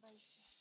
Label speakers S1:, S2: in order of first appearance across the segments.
S1: Bai, și.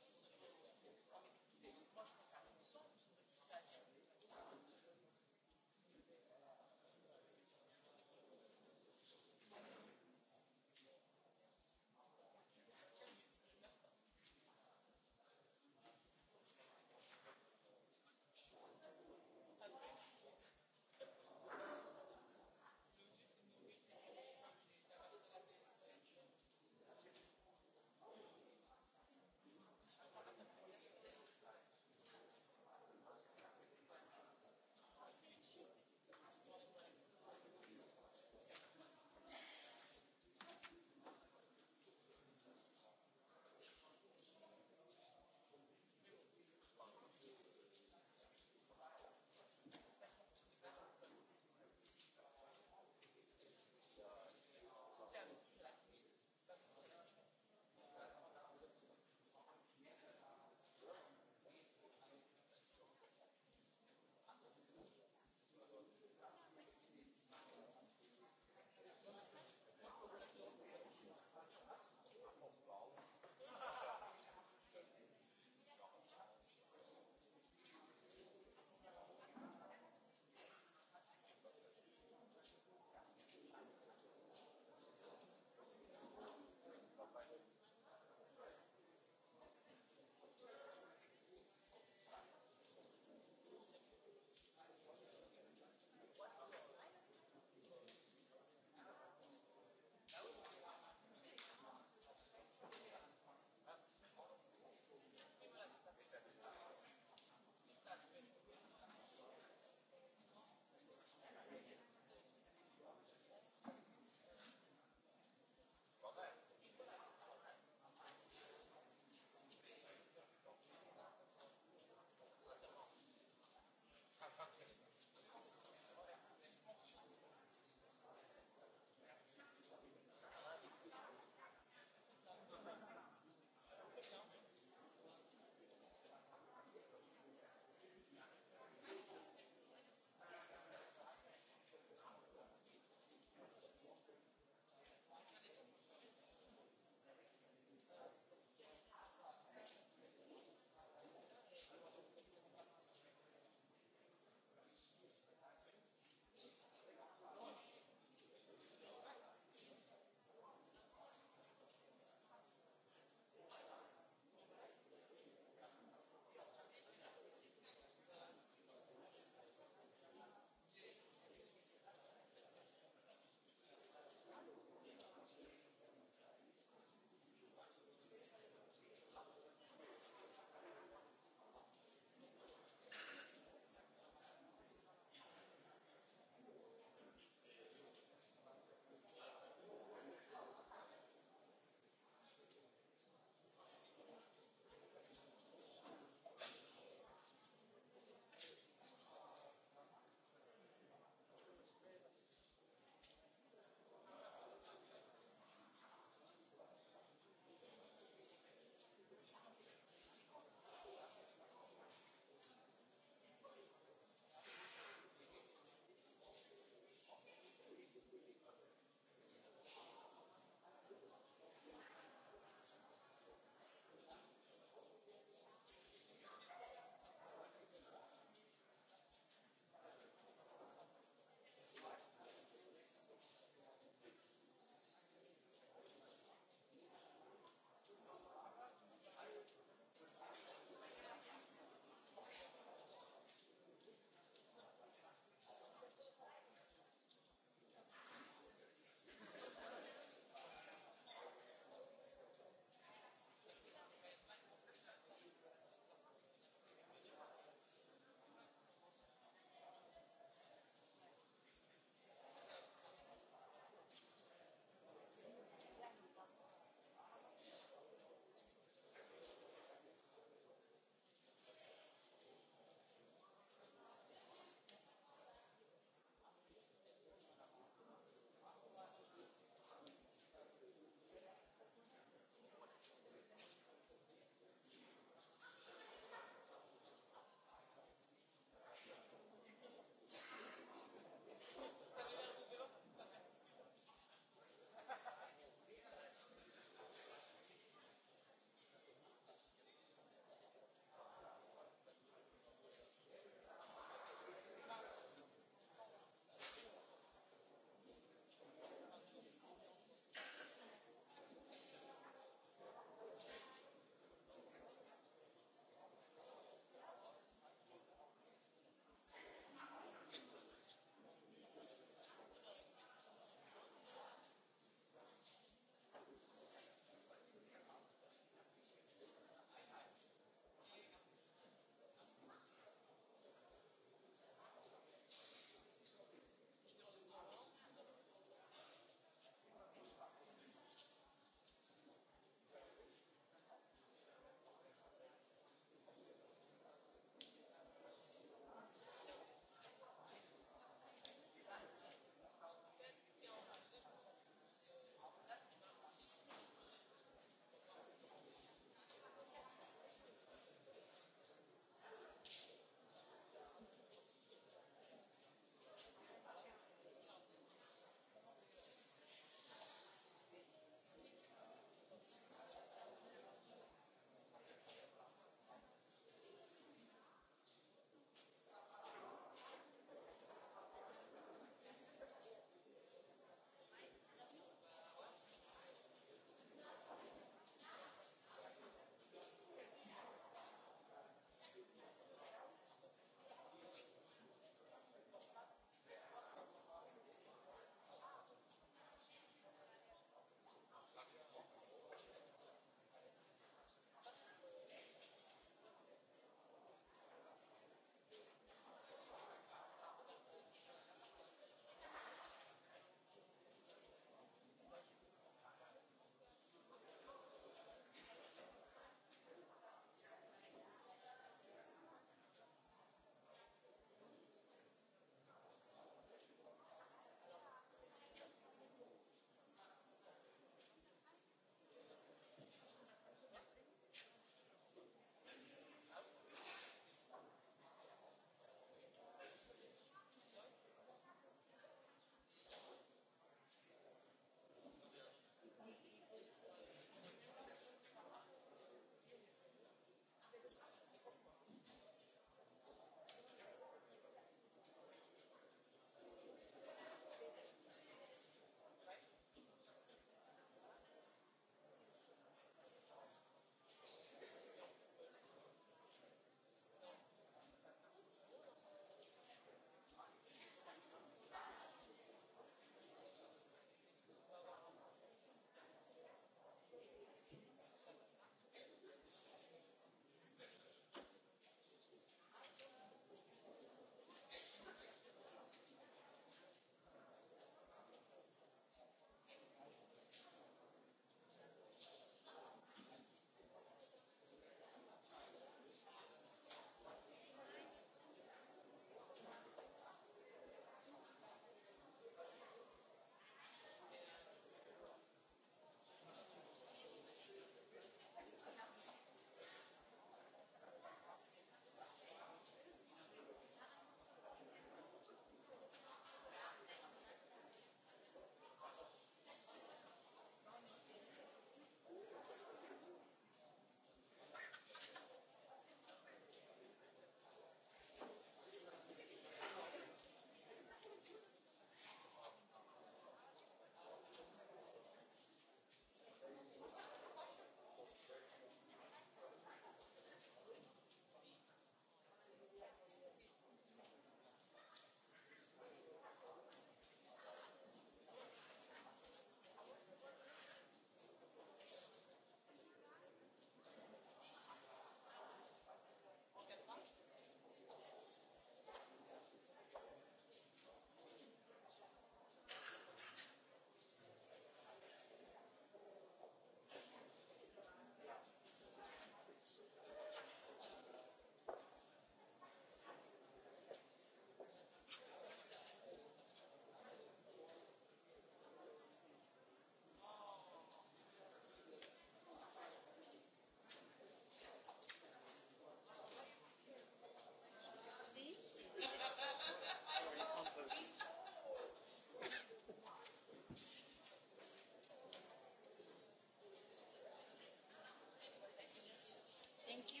S1: That's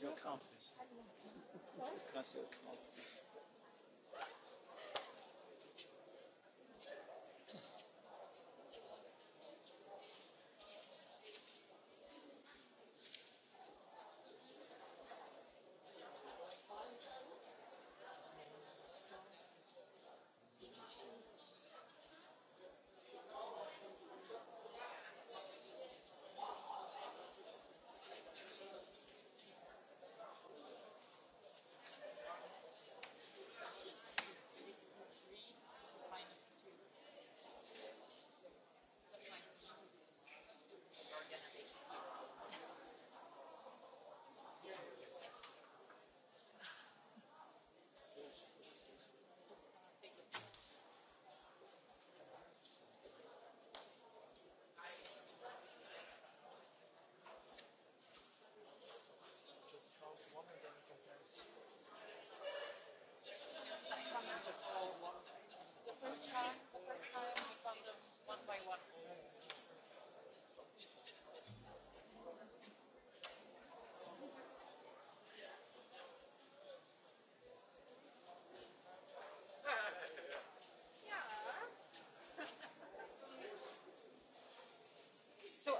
S1: your confidence. That's your confidence.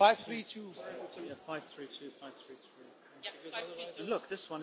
S1: five three two. look, this one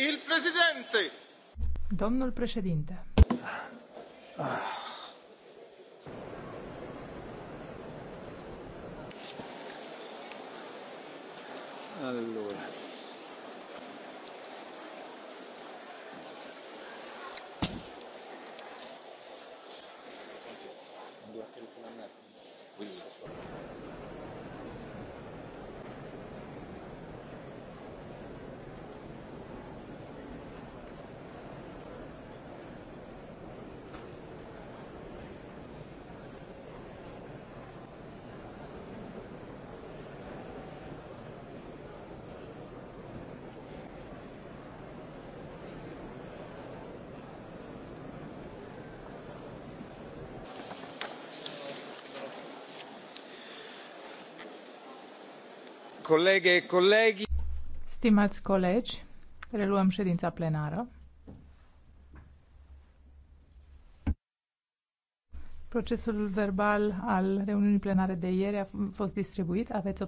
S1: domnule Domnul președinte. Colege, colegi. Stimați colegi, reluăm ședința plenară. Procesul verbal al reuniunii plenare de ieri a fost distribuit. Aveți